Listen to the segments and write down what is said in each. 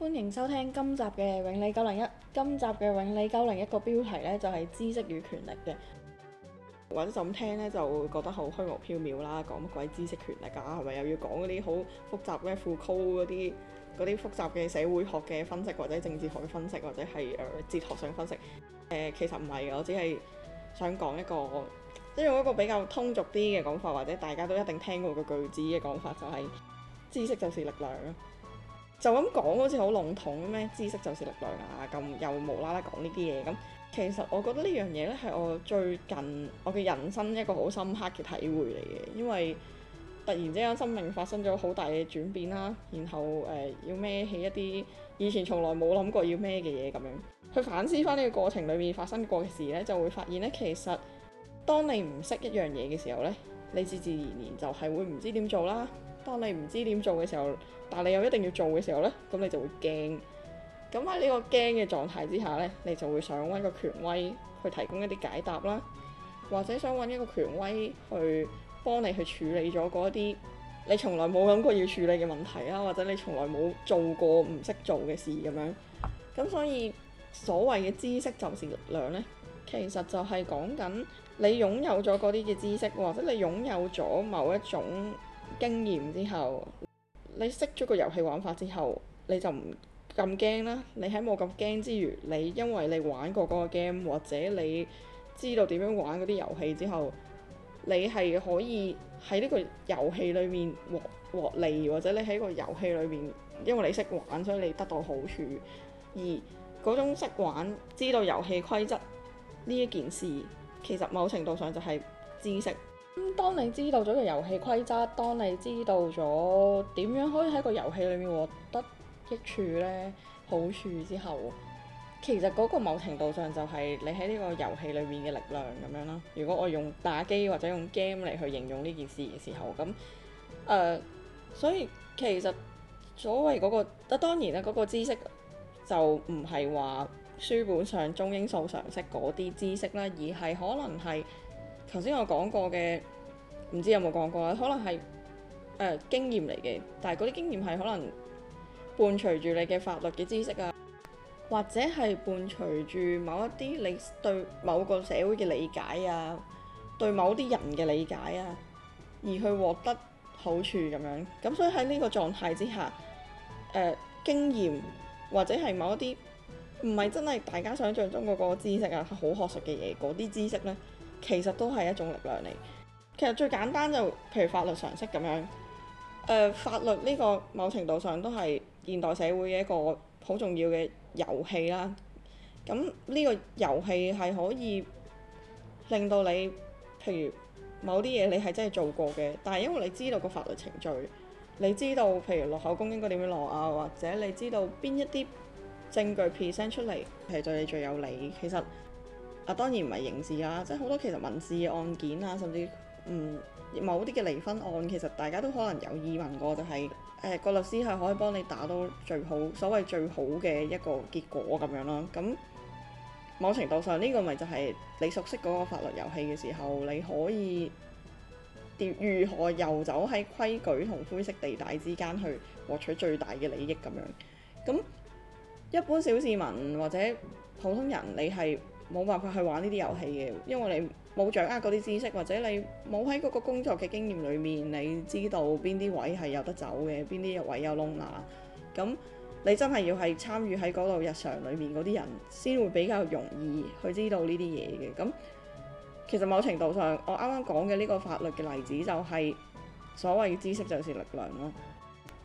歡迎收聽今集嘅永利九零一，今集嘅永利九零一個標題呢，就係知識與權力嘅，或者就咁聽呢，就會覺得好虛無縹緲啦，講乜鬼知識權力啊，係咪又要講嗰啲好複雜咩福柯嗰啲嗰啲複雜嘅社會學嘅分析，或者政治學嘅分析，或者係誒哲學上分析？誒、呃，其實唔係嘅，我只係想講一個即用一個比較通俗啲嘅講法，或者大家都一定聽過個句子嘅講法，就係、是、知識就是力量啊！就咁講好似好籠統咁咩？知識就是力量啊！咁又無啦啦講呢啲嘢咁，其實我覺得呢樣嘢呢，係我最近我嘅人生一個好深刻嘅體會嚟嘅，因為突然之間生命發生咗好大嘅轉變啦，然後誒、呃、要孭起一啲以前從來冇諗過要孭嘅嘢咁樣，去反思翻呢個過程裏面發生過嘅事呢，就會發現呢，其實當你唔識一樣嘢嘅時候呢，你自自然然就係會唔知點做啦。當、啊，你唔知點做嘅時候，但係你又一定要做嘅時候呢，咁你就會驚。咁喺呢個驚嘅狀態之下呢，你就會想揾個權威去提供一啲解答啦，或者想揾一個權威去幫你去處理咗嗰一啲你從來冇諗過要處理嘅問題啦，或者你從來冇做過唔識做嘅事咁樣。咁所以所謂嘅知識就是力量呢，其實就係講緊你擁有咗嗰啲嘅知識，或者你擁有咗某一種。經驗之後，你識咗個遊戲玩法之後，你就唔咁驚啦。你喺冇咁驚之餘，你因為你玩過個 game 或者你知道點樣玩嗰啲遊戲之後，你係可以喺呢個遊戲裏面獲獲利，或者你喺個遊戲裏面，因為你識玩所以你得到好處。而嗰種識玩、知道遊戲規則呢一件事，其實某程度上就係知識。咁當你知道咗個遊戲規則，當你知道咗點樣可以喺個遊戲裏面獲得益處呢？好處之後，其實嗰個某程度上就係你喺呢個遊戲裏面嘅力量咁樣啦。如果我用打機或者用 game 嚟去形容呢件事嘅時候，咁誒、呃，所以其實所謂嗰、嗰個，當然啦，嗰個知識就唔係話書本上中英數常識嗰啲知識啦，而係可能係。頭先我講過嘅，唔知有冇講過啦，可能係誒、呃、經驗嚟嘅，但係嗰啲經驗係可能伴隨住你嘅法律嘅知識啊，或者係伴隨住某一啲你對某個社會嘅理解啊，對某啲人嘅理解啊，而去獲得好處咁樣。咁所以喺呢個狀態之下，誒、呃、經驗或者係某一啲唔係真係大家想象中嗰個知識啊，係好學術嘅嘢，嗰啲知識呢。其實都係一種力量嚟。其實最簡單就係、譬如法律常識咁樣。誒、呃，法律呢個某程度上都係現代社會嘅一個好重要嘅遊戲啦。咁呢個遊戲係可以令到你，譬如某啲嘢你係真係做過嘅，但係因為你知道個法律程序，你知道譬如落口供應該點樣落啊，或者你知道邊一啲證據 present 出嚟係對你最有利。其實。啊，當然唔係刑事啦，即係好多其實民事案件啊，甚至嗯某啲嘅離婚案，其實大家都可能有疑問過，就係誒個律師係可以幫你打到最好，所謂最好嘅一個結果咁樣咯。咁某程度上呢個咪就係你熟悉嗰個法律遊戲嘅時候，你可以點如何遊走喺規矩同灰色地帶之間，去獲取最大嘅利益咁樣。咁一般小市民或者普通人，你係冇辦法去玩呢啲遊戲嘅，因為你冇掌握嗰啲知識，或者你冇喺嗰個工作嘅經驗裏面，你知道邊啲位係有得走嘅，邊啲位有窿罅。咁你真係要係參與喺嗰度日常裏面嗰啲人，先會比較容易去知道呢啲嘢嘅。咁其實某程度上，我啱啱講嘅呢個法律嘅例子，就係所謂知識就是力量咯。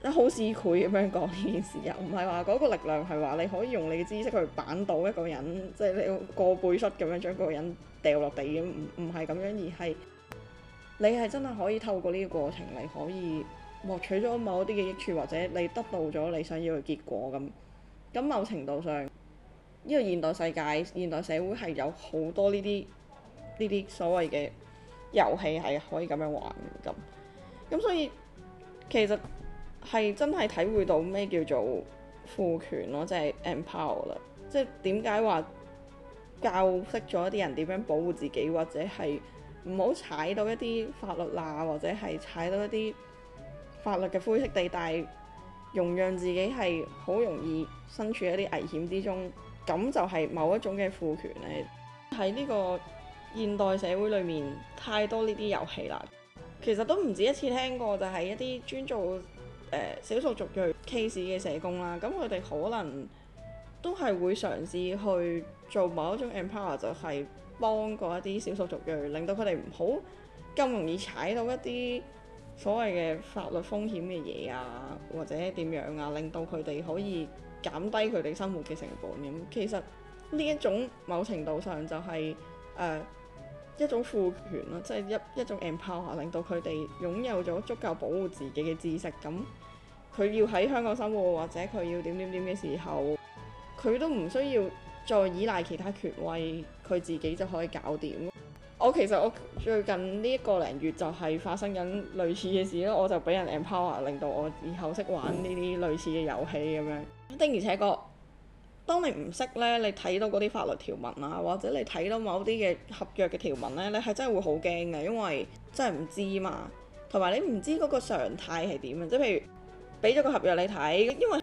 即係好似佢咁樣講呢件事，又唔係話嗰個力量係話你可以用你嘅知識去扳倒一個人，即係你要過背摔咁樣將嗰個人掉落地咁，唔唔係咁樣，而係你係真係可以透過呢個過程嚟可以獲取咗某一啲嘅益處，或者你得到咗你想要嘅結果咁。咁某程度上，呢個現代世界、現代社會係有好多呢啲呢啲所謂嘅遊戲係可以咁樣玩嘅。咁咁所以其實。係真係體會到咩叫做賦權咯，就是，即係 empower 啦。即係點解話教識咗一啲人點樣保護自己，或者係唔好踩到一啲法律罅，或者係踩到一啲法律嘅灰色地帶，容讓自己係好容易身處一啲危險之中。咁就係某一種嘅賦權咧。喺呢個現代社會裏面，太多呢啲遊戲啦。其實都唔止一次聽過，就係、是、一啲專做，誒少數族裔 case 嘅社工啦，咁佢哋可能都係會嘗試去做某一種 empower，就係幫過一啲少數族裔，令到佢哋唔好咁容易踩到一啲所謂嘅法律風險嘅嘢啊，或者點樣啊，令到佢哋可以減低佢哋生活嘅成本。咁其實呢一種某程度上就係誒一種賦權咯，即係一一種 empower，令到佢哋擁有咗足夠保護自己嘅知識咁。佢要喺香港生活，或者佢要點點點嘅時候，佢都唔需要再依賴其他權威，佢自己就可以搞掂。我其實我最近呢一個零月就係發生緊類似嘅事咯。我就俾人 empower，令到我以後識玩呢啲類似嘅遊戲咁樣。的、嗯、而且確，當你唔識呢，你睇到嗰啲法律條文啊，或者你睇到某啲嘅合約嘅條文呢，你係真係會好驚嘅，因為真係唔知嘛。同埋你唔知嗰個常態係點啊，即係譬如。俾咗個合約你睇，因為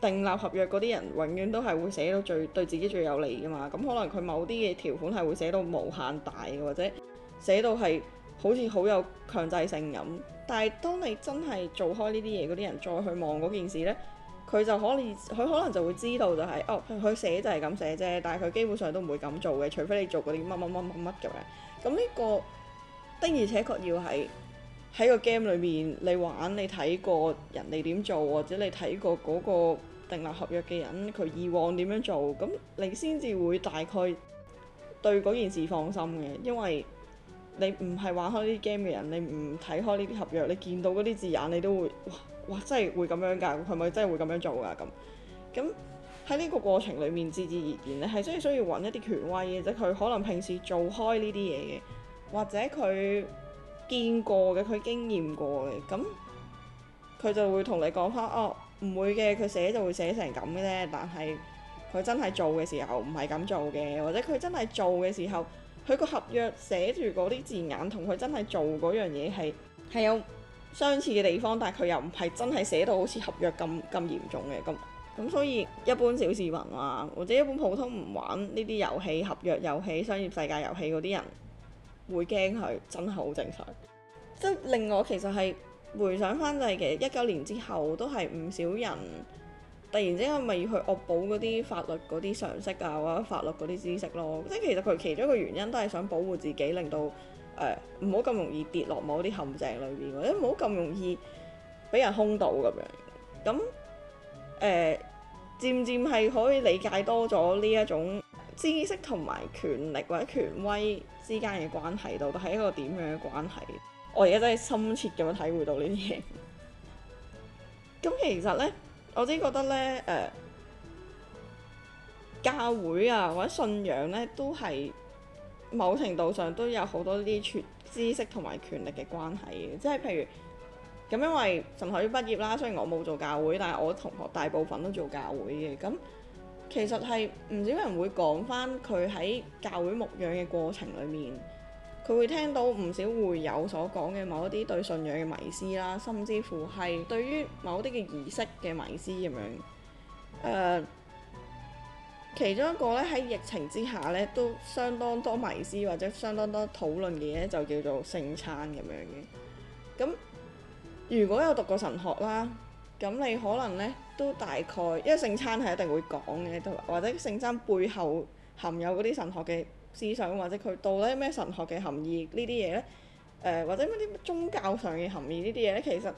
訂立合約嗰啲人永遠都係會寫到最對自己最有利噶嘛。咁、嗯、可能佢某啲嘅條款係會寫到無限大嘅，或者寫到係好似好有強制性咁。但係當你真係做開呢啲嘢嗰啲人再去望嗰件事呢，佢就可能佢可能就會知道就係、是、哦，佢寫就係咁寫啫，但係佢基本上都唔會咁做嘅，除非你做嗰啲乜乜乜乜乜咁樣。咁、嗯、呢、呢個的而且確要係。喺個 game 裏面，你玩你睇過人哋點做，或者你睇過嗰個訂立合約嘅人佢以往點樣做，咁你先至會大概對嗰件事放心嘅，因為你唔係玩開呢啲 game 嘅人，你唔睇開呢啲合約，你見到嗰啲字眼，你都會哇哇，真係會咁樣㗎？佢係咪真係會咁樣做㗎？咁咁喺呢個過程裏面，自自然然，咧係真係需要揾一啲權威嘅，即係佢可能平時做開呢啲嘢嘅，或者佢。見過嘅，佢經驗過嘅，咁佢就會同你講翻哦，唔會嘅，佢寫就會寫成咁嘅啫。但係佢真係做嘅時候唔係咁做嘅，或者佢真係做嘅時候，佢個合約寫住嗰啲字眼同佢真係做嗰樣嘢係係有相似嘅地方，但係佢又唔係真係寫到好似合約咁咁嚴重嘅咁咁，所以一般小市民啊，或者一般普通唔玩呢啲遊戲、合約遊戲、商業世界遊戲嗰啲人，會驚佢真係好正常，即係令我其實係回想返就係其實一九年之後都係唔少人突然之間咪要去惡補嗰啲法律嗰啲常識啊，或者法律嗰啲知識咯，即係其實佢其中一個原因都係想保護自己，令到誒唔好咁容易跌落某啲陷阱裏邊，或者唔好咁容易俾人空到咁樣。咁誒、呃、漸漸係可以理解多咗呢一種知識同埋權力或者權威。之間嘅關係度，都係一個點樣嘅關係？我而家真係深切咁樣體會到呢啲嘢。咁 其實呢，我自己覺得呢，誒、呃，教會啊或者信仰呢，都係某程度上都有好多啲權知識同埋權力嘅關係嘅。即係譬如咁，因為神學要畢業啦，雖然我冇做教會，但係我同學大部分都做教會嘅。咁其實係唔少人會講翻佢喺教會牧養嘅過程裡面，佢會聽到唔少會友所講嘅某一啲對信仰嘅迷思啦，甚至乎係對於某啲嘅儀式嘅迷思咁樣。誒、呃，其中一個咧喺疫情之下咧，都相當多迷思或者相當多討論嘅嘢，就叫做聖餐咁樣嘅。咁如果有讀過神學啦。咁你可能咧都大概，因為聖餐係一定會講嘅，同或者聖餐背後含有嗰啲神學嘅思想，或者佢到底咩神學嘅含義呢啲嘢咧？誒、呃，或者乜啲宗教上嘅含義呢啲嘢咧？其實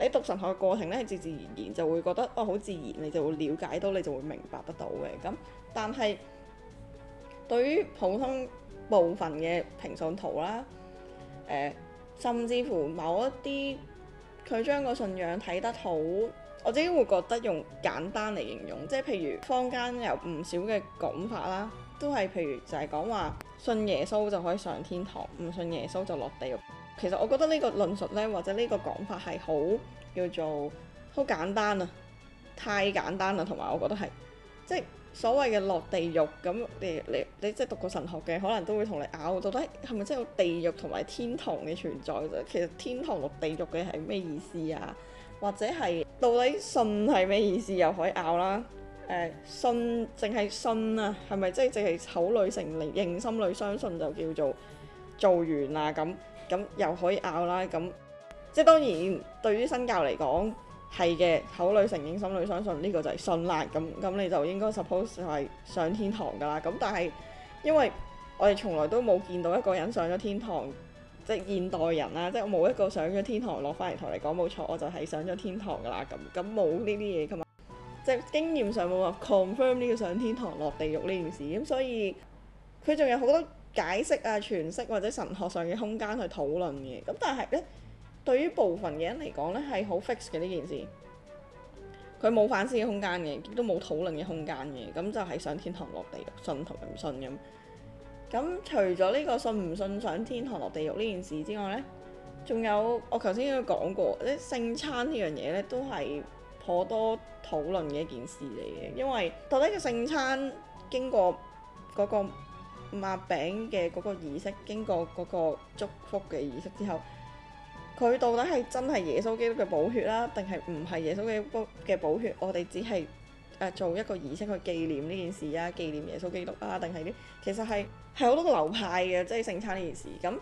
你讀神學嘅過程咧，係自自然然就會覺得哦，好自然，你就會了解到，你就會明白得到嘅。咁，但係對於普通部分嘅平信徒啦，誒、呃，甚至乎某一啲。佢將個信仰睇得好，我自己會覺得用簡單嚟形容，即係譬如坊間有唔少嘅講法啦，都係譬如就係講話信耶穌就可以上天堂，唔信耶穌就落地獄。其實我覺得呢個論述呢，或者呢個講法係好叫做好簡單啊，太簡單啦，同埋我覺得係即係。所謂嘅落地獄咁，你你你即係讀過神學嘅，可能都會同你拗到底係咪真係有地獄同埋天堂嘅存在？其實天堂落地獄嘅係咩意思啊？或者係到底信係咩意思又可以拗啦？誒、呃，信淨係信啊，係咪即係淨係口裡承認心裏相信就叫做做完啦？咁咁又可以拗啦？咁即係當然對於新教嚟講。係嘅，口裡承認，心裏相信，呢個就係信啦咁，咁你就應該 suppose 係上天堂噶啦。咁但係因為我哋從來都冇見到一個人上咗天堂，即係現代人啦、啊，即我冇一個上咗天堂落翻嚟同你講冇錯，我就係上咗天堂噶啦。咁咁冇呢啲嘢㗎嘛，即係、就是、經驗上冇話 confirm 呢個上天堂落地獄呢件事。咁所以佢仲有好多解釋啊、詮釋或者神學上嘅空間去討論嘅。咁但係咧。對於部分嘅人嚟講咧，係好 fix 嘅呢件事，佢冇反思嘅空間嘅，亦都冇討論嘅空間嘅，咁就係上天堂落地獄，信同唔信咁。咁除咗呢個信唔信上天堂落地獄呢件事之外咧，仲有我頭先都講過，咧聖餐呢樣嘢咧都係頗多討論嘅一件事嚟嘅，因為到底個聖餐經過嗰個擘餅嘅嗰個儀式，經過嗰個祝福嘅儀式之後。佢到底係真係耶穌基督嘅寶血啦，定係唔係耶穌基督嘅寶血？我哋只係誒做一個儀式去紀念呢件事啊，紀念耶穌基督啊，定係啲其實係係好多流派嘅，即係聖餐呢件事咁，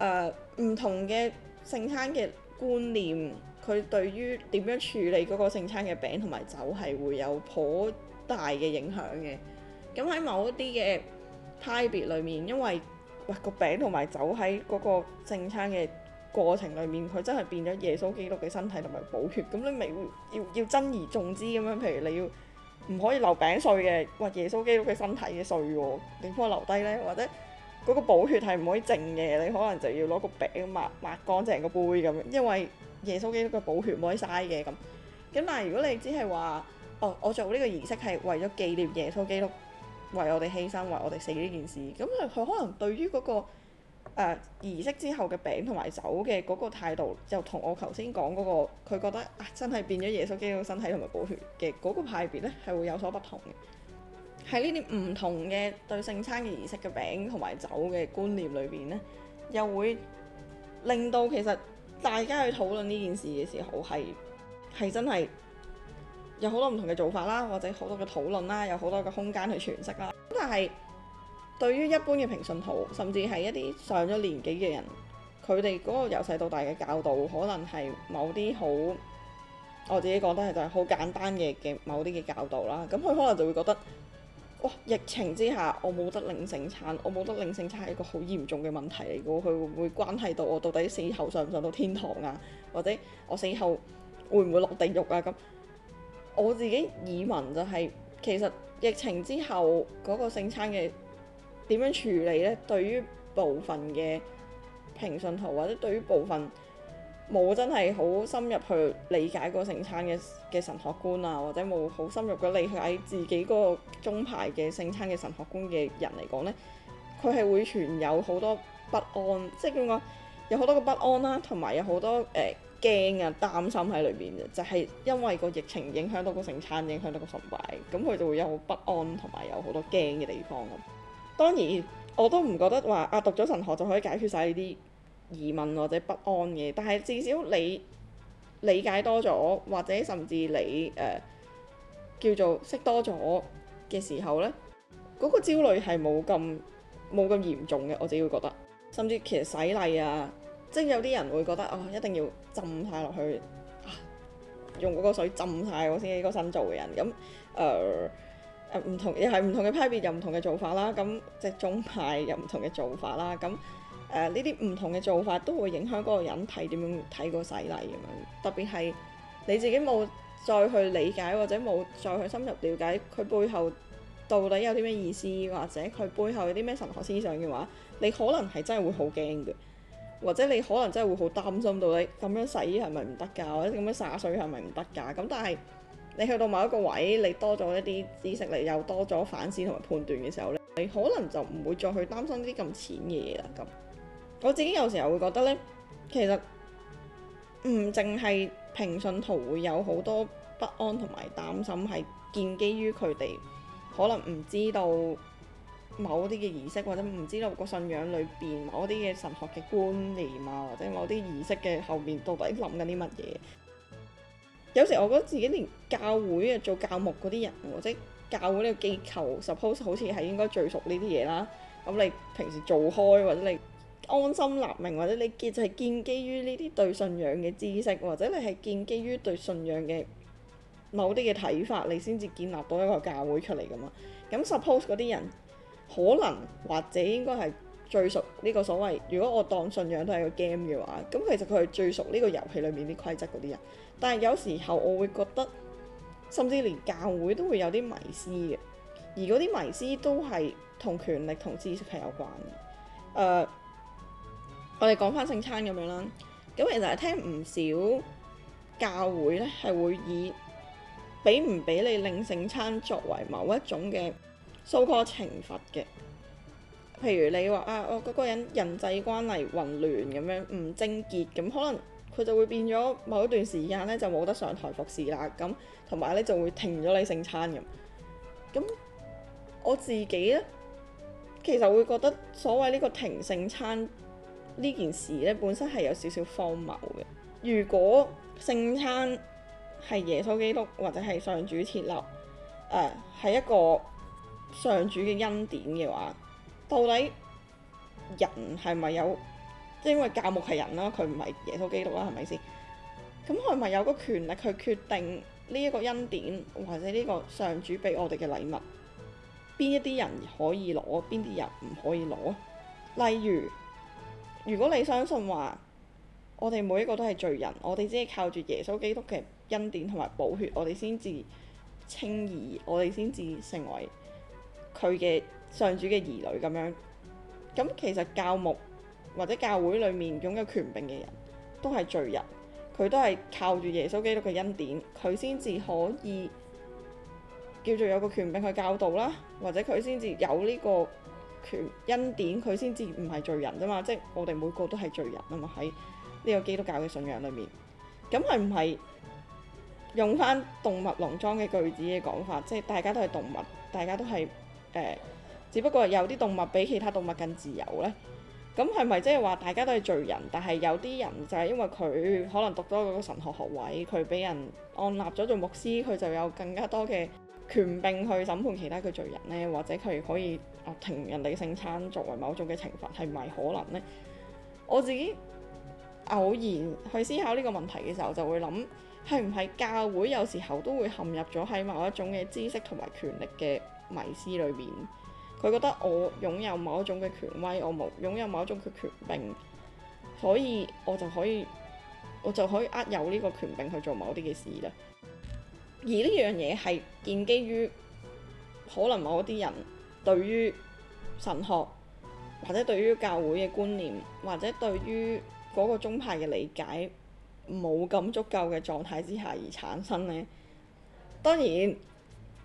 誒唔同嘅聖餐嘅觀念，佢對於點樣處理嗰個聖餐嘅餅同埋酒係會有頗大嘅影響嘅。咁喺某一啲嘅派別裏面，因為喂個餅同埋酒喺嗰個聖餐嘅。過程裏面佢真係變咗耶穌基督嘅身體同埋寶血，咁你咪要要珍而重之咁樣。譬如你要唔可以留餅碎嘅，喂耶穌基督嘅身體嘅碎喎，點可以留低呢？或者嗰個寶血係唔可以剩嘅，你可能就要攞個餅抹抹乾淨個杯咁樣，因為耶穌基督嘅寶血唔可以嘥嘅咁。咁但係如果你只係話，哦，我做呢個儀式係為咗紀念耶穌基督為我哋犧牲，為我哋死呢件事，咁佢佢可能對於嗰、嗰個。誒、uh, 儀式之後嘅餅同埋酒嘅嗰個態度，就同我頭先講嗰個，佢覺得啊，真係變咗耶穌基督身體同埋寶血嘅嗰個派別呢，係會有所不同嘅。喺呢啲唔同嘅對聖餐嘅儀式嘅餅同埋酒嘅觀念裏邊呢，又會令到其實大家去討論呢件事嘅時候，係係真係有好多唔同嘅做法啦，或者好多嘅討論啦，有好多嘅空間去詮釋啦。咁但係，對於一般嘅平信徒，甚至係一啲上咗年紀嘅人，佢哋嗰個由細到大嘅教導，可能係某啲好我自己覺得係就係好簡單嘅嘅某啲嘅教導啦。咁佢可能就會覺得，哇！疫情之下我冇得領聖餐，我冇得領聖餐係一個好嚴重嘅問題嚟嘅喎。佢會唔會關係到我到底死後上唔上到天堂啊，或者我死後會唔會落地獄啊？咁我自己耳聞就係、是、其實疫情之後嗰、那個聖餐嘅。點樣處理呢？對於部分嘅平信徒，或者對於部分冇真係好深入去理解個聖餐嘅嘅神學觀啊，或者冇好深入嘅理解自己嗰個宗派嘅聖餐嘅神學觀嘅人嚟講呢，佢係會存有好多不安，即係點講有好多個不安啦，同埋有好多誒驚啊、擔心喺裏面嘅，就係因為個疫情影響到個聖餐，影響到個崇拜，咁佢就會有不安同埋有好多驚嘅地方咁。當然我都唔覺得話啊讀咗神學就可以解決晒呢啲疑問或者不安嘅，但係至少你理解多咗，或者甚至你誒、呃、叫做識多咗嘅時候呢嗰、那個焦慮係冇咁冇咁嚴重嘅，我自己會覺得。甚至其實洗禮啊，即係有啲人會覺得啊、呃、一定要浸曬落去、啊、用嗰個水浸曬我先，呢個新造嘅人咁誒。呃誒唔、呃、同又係唔同嘅派別，有唔同嘅做法啦。咁、嗯、即係宗派有唔同嘅做法啦。咁誒呢啲唔同嘅做法都會影響嗰個人睇點樣睇個洗禮咁樣。特別係你自己冇再去理解或者冇再去深入了解佢背後到底有啲咩意思，或者佢背後有啲咩神學思想嘅話，你可能係真係會好驚嘅，或者你可能真係會好擔心到底咁樣洗係咪唔得㗎，或者咁樣灑水係咪唔得㗎？咁但係。你去到某一個位，你多咗一啲知識，你又多咗反思同埋判斷嘅時候咧，你可能就唔會再去擔心啲咁淺嘅嘢啦。咁我自己有時候會覺得咧，其實唔淨係平信徒會有好多不安同埋擔心，係建基於佢哋可能唔知道某啲嘅儀式，或者唔知道個信仰裏邊某啲嘅神學嘅觀念，啊，或者某啲儀式嘅後面到底諗緊啲乜嘢。有時我覺得自己連教會啊做教牧嗰啲人，或者教會呢個機構，suppose 好似係應該最熟呢啲嘢啦。咁你平時做開，或者你安心立命，或者你建就係建基於呢啲對信仰嘅知識，或者你係建基於對信仰嘅某啲嘅睇法，你先至建立到一個教會出嚟㗎嘛。咁 suppose 嗰啲人可能或者應該係。最熟呢個所謂，如果我當信仰都係個 game 嘅話，咁其實佢係最熟呢個遊戲裏面啲規則嗰啲人。但係有時候我會覺得，甚至連教會都會有啲迷思嘅，而嗰啲迷思都係同權力同知識係有關嘅。呃，我哋講翻聖餐咁樣啦，咁其實係聽唔少教會咧係會以俾唔俾你領聖餐作為某一種嘅訴訟懲罰嘅。譬如你話啊，我嗰個人人際關係混亂咁樣，唔貞潔咁，可能佢就會變咗某一段時間咧，就冇得上台服侍啦。咁同埋咧就會停咗你聖餐咁。咁我自己咧其實會覺得所謂呢個停聖餐呢件事咧，本身係有少少荒謬嘅。如果聖餐係耶穌基督或者係上主設立，誒、啊、係一個上主嘅恩典嘅話。到底人係咪有？即係因為教牧係人啦，佢唔係耶穌基督啦，係咪先？咁佢係咪有個權力去決定呢一個恩典或者呢個上主俾我哋嘅禮物，邊一啲人可以攞，邊啲人唔可以攞？例如，如果你相信話，我哋每一個都係罪人，我哋只係靠住耶穌基督嘅恩典同埋寶血，我哋先至稱義，我哋先至成為佢嘅上主嘅兒女咁樣，咁其實教牧或者教會裏面擁有權柄嘅人，都係罪人。佢都係靠住耶穌基督嘅恩典，佢先至可以叫做有個權柄去教導啦，或者佢先至有呢個權恩典，佢先至唔係罪人啫嘛。即係我哋每個都係罪人啊嘛。喺呢個基督教嘅信仰裏面，咁係唔係用返動物農莊嘅句子嘅講法，即係大家都係動物，大家都係誒。呃只不過有啲動物比其他動物更自由呢。咁係咪即係話大家都係罪人？但係有啲人就係因為佢可能讀咗嗰個神學學位，佢俾人按立咗做牧師，佢就有更加多嘅權柄去審判其他嘅罪人呢？或者佢可以停人哋聖餐作為某種嘅懲罰，係咪可能呢？我自己偶然去思考呢個問題嘅時候，就會諗係唔係教會有時候都會陷入咗喺某一種嘅知識同埋權力嘅迷思裏面？佢覺得我擁有某一種嘅權威，我冇擁有某一種嘅權柄，所以我就可以，我就可以握有呢個權柄去做某啲嘅事咧。而呢樣嘢係建基於可能某啲人對於神學或者對於教會嘅觀念，或者對於嗰個宗派嘅理解冇咁足夠嘅狀態之下而產生呢。當然。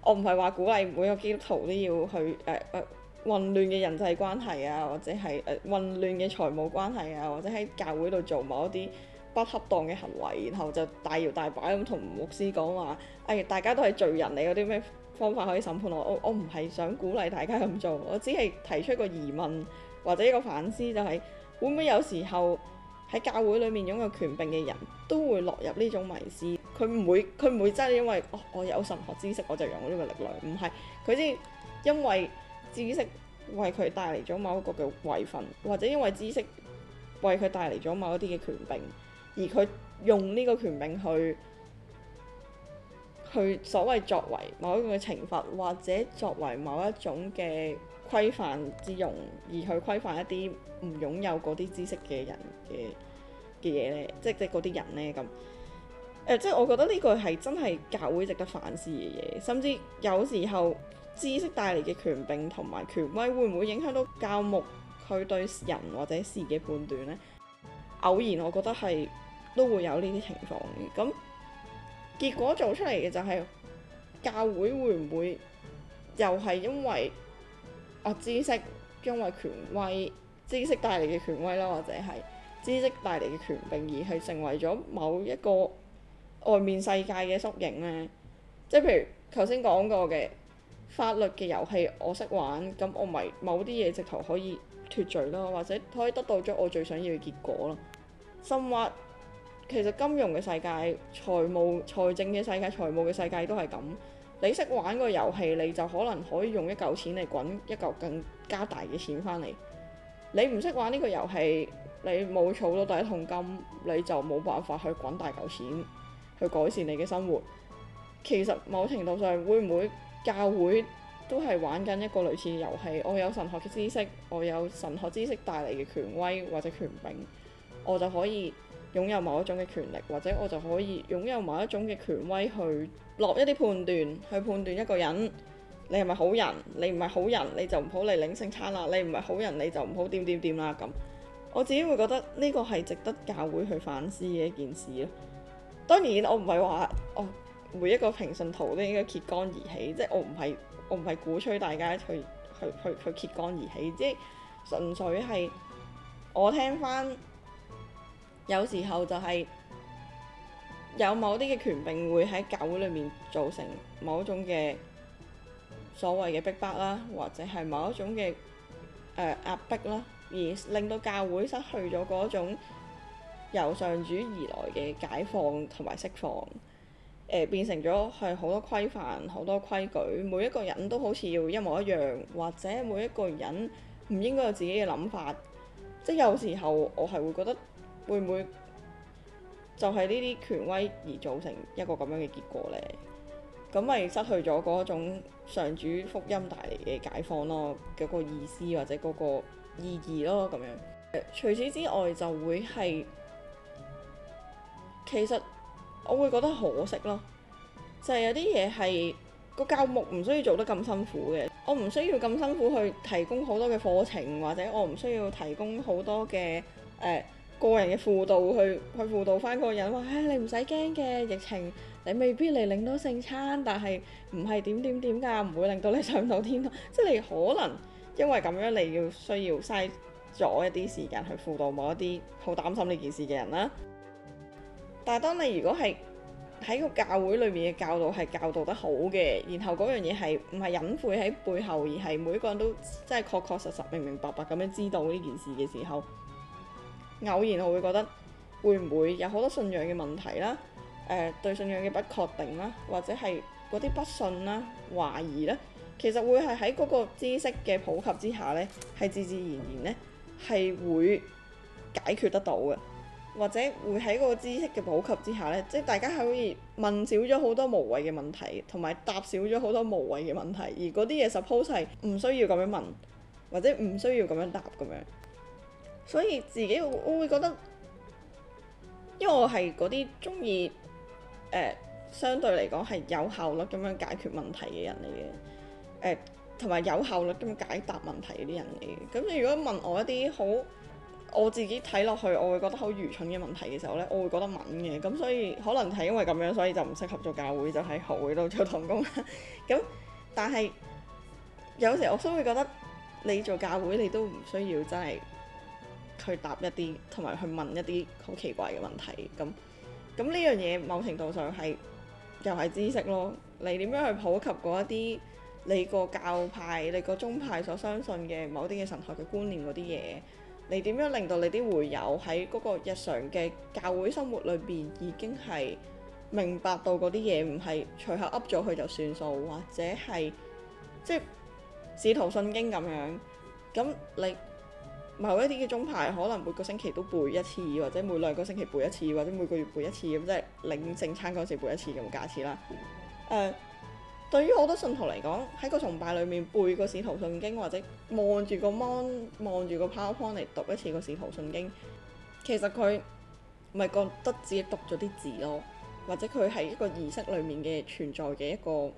我唔係話鼓勵每個基督徒都要去誒誒、呃呃、混亂嘅人際關係啊，或者係誒、呃、混亂嘅財務關係啊，或者喺教會度做某一啲不恰當嘅行為，然後就大搖大擺咁同牧師講話，誒、哎、大家都係罪人你嗰啲咩方法可以審判我？我我唔係想鼓勵大家咁做，我只係提出一個疑問或者一個反思，就是，就係會唔會有時候？喺教會裏面擁有權柄嘅人都會落入呢種迷思，佢唔會佢唔會真係因為，哦，我有神學知識我就用呢個力量，唔係，佢先因為知識為佢帶嚟咗某一個嘅位份，或者因為知識為佢帶嚟咗某一啲嘅權柄，而佢用呢個權柄去去所謂作為某一個嘅懲罰，或者作為某一種嘅。規範之容而去規範一啲唔擁有嗰啲知識嘅人嘅嘅嘢咧，即係即係嗰啲人咧咁。誒、呃，即係我覺得呢個係真係教會值得反思嘅嘢，甚至有時候知識帶嚟嘅權柄同埋權威，會唔會影響到教牧佢對人或者事嘅判斷呢？偶然我覺得係都會有呢啲情況嘅，咁結果做出嚟嘅就係、是、教會會唔會又係因為？啊，知識因為權威知識帶嚟嘅權威啦，或者係知識帶嚟嘅權柄，而係成為咗某一個外面世界嘅縮影呢。即係譬如頭先講過嘅法律嘅遊戲，我識玩，咁我咪某啲嘢直頭可以脫罪咯，或者可以得到咗我最想要嘅結果咯。深挖其實金融嘅世界、財務財政嘅世界、財務嘅世界都係咁。你識玩個遊戲，你就可能可以用一嚿錢嚟滾一嚿更加大嘅錢返嚟。你唔識玩呢個遊戲，你冇儲到第一桶金，你就冇辦法去滾大嚿錢，去改善你嘅生活。其實某程度上，會唔會教會都係玩緊一個類似嘅遊戲？我有神學嘅知識，我有神學知識帶嚟嘅權威或者權柄，我就可以擁有某一種嘅權力，或者我就可以擁有某一種嘅權威去落一啲判斷，去判斷一個人你係咪好人，你唔係好人你就唔好嚟領性餐啦，你唔係好人你就唔好點點點啦咁。我自己會覺得呢個係值得教會去反思嘅一件事咯。當然我唔係話哦，每一個平信徒都應該揭竿而起，即係我唔係我唔係鼓吹大家去去去，去，去，去揭竿而起，即係純粹係我聽翻。有時候就係有某啲嘅權柄，會喺教會裏面造成某一種嘅所謂嘅逼迫啦，或者係某一種嘅誒壓迫啦，而令到教會失去咗嗰種由上主而來嘅解放同埋釋放，誒、呃、變成咗係好多規範、好多規矩，每一個人都好似要一模一樣，或者每一個人唔應該有自己嘅諗法。即有時候我係會覺得。會唔會就係呢啲權威而造成一個咁樣嘅結果呢？咁咪失去咗嗰種上主福音帶嚟嘅解放咯嘅、嗰個意思或者嗰個意義咯咁樣。除此之外就會係其實我會覺得可惜咯，就係、是、有啲嘢係個教牧唔需要做得咁辛苦嘅，我唔需要咁辛苦去提供好多嘅課程，或者我唔需要提供好多嘅誒個人嘅輔導去去輔導翻個人話，唉、哎，你唔使驚嘅，疫情你未必嚟領到聖餐，但係唔係點點點㗎，唔會令到你上到天堂，啊。即係你可能因為咁樣，你要需要嘥咗一啲時間去輔導某一啲好擔心呢件事嘅人啦。但係當你如果係喺個教會裏面嘅教導係教導得好嘅，然後嗰樣嘢係唔係隱晦喺背後，而係每一個人都真係確確實實、明明白白咁樣知道呢件事嘅時候。偶然我會覺得會唔會有好多信仰嘅問題啦？誒、呃，對信仰嘅不確定啦，或者係嗰啲不信啦、懷疑咧，其實會係喺嗰個知識嘅普及之下咧，係自自然然咧係會解決得到嘅，或者會喺個知識嘅普及之下咧，即係大家可以問少咗好多無謂嘅問題，同埋答少咗好多無謂嘅問題，而嗰啲嘢 suppose 係唔需要咁樣問，或者唔需要咁樣答咁樣。所以自己我會覺得，因為我係嗰啲鍾意誒，相對嚟講係有效率咁樣解決問題嘅人嚟嘅誒，同、呃、埋有效率咁樣解答問題嗰啲人嚟嘅。咁你如果問我一啲好我自己睇落去，我會覺得好愚蠢嘅問題嘅時候咧，我會覺得敏嘅。咁所以可能係因為咁樣，所以就唔適合做教會，就喺學會度做同工。咁 但係有時我都會覺得你做教會，你都唔需要真係。去答一啲，同埋去問一啲好奇怪嘅問題，咁咁呢樣嘢某程度上係又係知識咯。你點樣去普及嗰一啲你個教派、你個宗派所相信嘅某啲嘅神學嘅觀念嗰啲嘢？你點樣令到你啲會友喺嗰個日常嘅教會生活裏邊已經係明白到嗰啲嘢唔係隨口噏咗佢就算數，或者係即係使徒信經咁樣？咁你？某一啲嘅宗派，可能每個星期都背一次，或者每兩個星期背一次，或者每個月背一次咁，即係領聖餐嗰時背一次咁假設啦。誒、呃，對於好多信徒嚟講，喺個崇拜裏面背個使徒信經，或者望住個 mon 望住個 PowerPoint 嚟讀一次個使徒信經，其實佢唔係覺得自己讀咗啲字咯，或者佢喺一個儀式裏面嘅存在嘅一個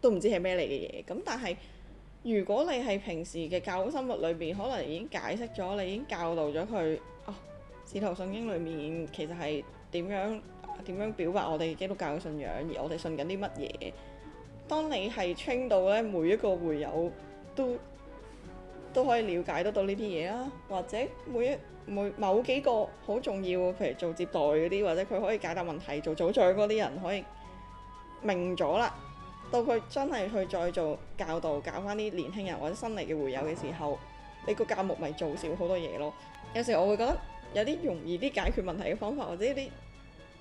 都唔知係咩嚟嘅嘢。咁但係。如果你係平時嘅教會生活裏邊，可能已經解釋咗，你已經教導咗佢。哦，使徒信經裏面其實係點樣點樣表達我哋基督教嘅信仰，而我哋信緊啲乜嘢？當你係稱到咧每一個會友都都可以了解得到呢啲嘢啦，或者每一每某幾個好重要，譬如做接待嗰啲，或者佢可以解答問題做組長嗰啲人可以明咗啦。到佢真係去再做教導，教翻啲年輕人或者新嚟嘅會友嘅時候，你個教牧咪做少好多嘢咯。有時我會覺得有啲容易啲解決問題嘅方法，或者啲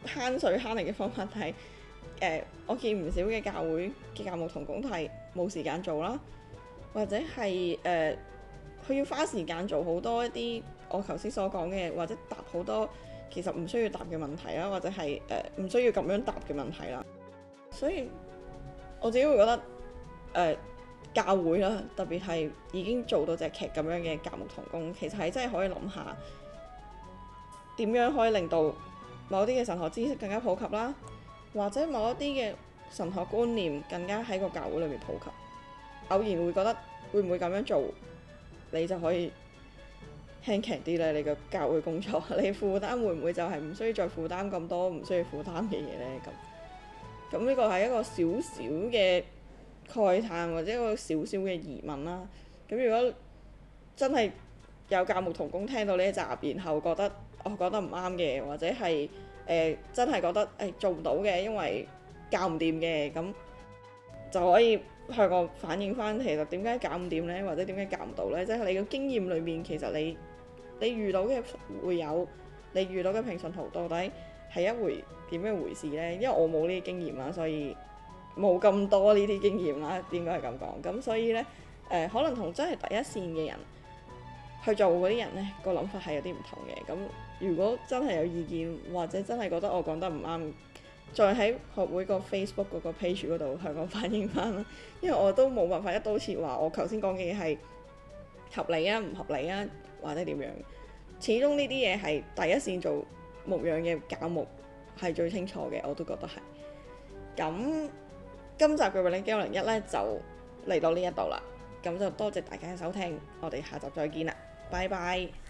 慳水慳力嘅方法，就是，係、呃、誒我見唔少嘅教會嘅教牧同工，都係冇時間做啦，或者係誒佢要花時間做好多一啲我頭先所講嘅，或者答好多其實唔需要答嘅問題啦，或者係誒唔需要咁樣答嘅問題啦，所以。我自己會覺得誒、呃、教會啦，特別係已經做到隻劇咁樣嘅教牧同工，其實係真係可以諗下點樣可以令到某啲嘅神學知識更加普及啦，或者某一啲嘅神學觀念更加喺個教會裏面普及。偶然會覺得會唔會咁樣做，你就可以輕鬆啲咧，你嘅教會工作，你負擔會唔會就係唔需要再負擔咁多唔需要負擔嘅嘢咧咁？咁呢個係一個小小嘅慨嘆或者一個小小嘅疑問啦。咁如果真係有教務同工聽到呢一集，然後覺得我覺得唔啱嘅，或者係誒、呃、真係覺得誒做唔到嘅，因為教唔掂嘅，咁就可以向我反映翻其實點解教唔掂呢？或者點解教唔到呢？即、就、係、是、你嘅經驗裏面，其實你你遇到嘅會友你遇到嘅評審圖到底？係一回點樣回事呢？因為我冇呢啲經驗啦，所以冇咁多呢啲經驗啦。應該係咁講？咁所以呢，誒、呃、可能同真係第一線嘅人去做嗰啲人呢、個諗法係有啲唔同嘅。咁如果真係有意見，或者真係覺得我講得唔啱，再喺學會個 Facebook 嗰個 page 嗰度向我反映翻啦。因為我都冇辦法一刀切話我頭先講嘅嘢係合理啊，唔合理啊，或者點樣？始終呢啲嘢係第一線做。牧養嘅教牧係最清楚嘅，我都覺得係。咁今集嘅《永利901》咧就嚟到呢一度啦，咁就多謝大家嘅收聽，我哋下集再見啦，拜拜。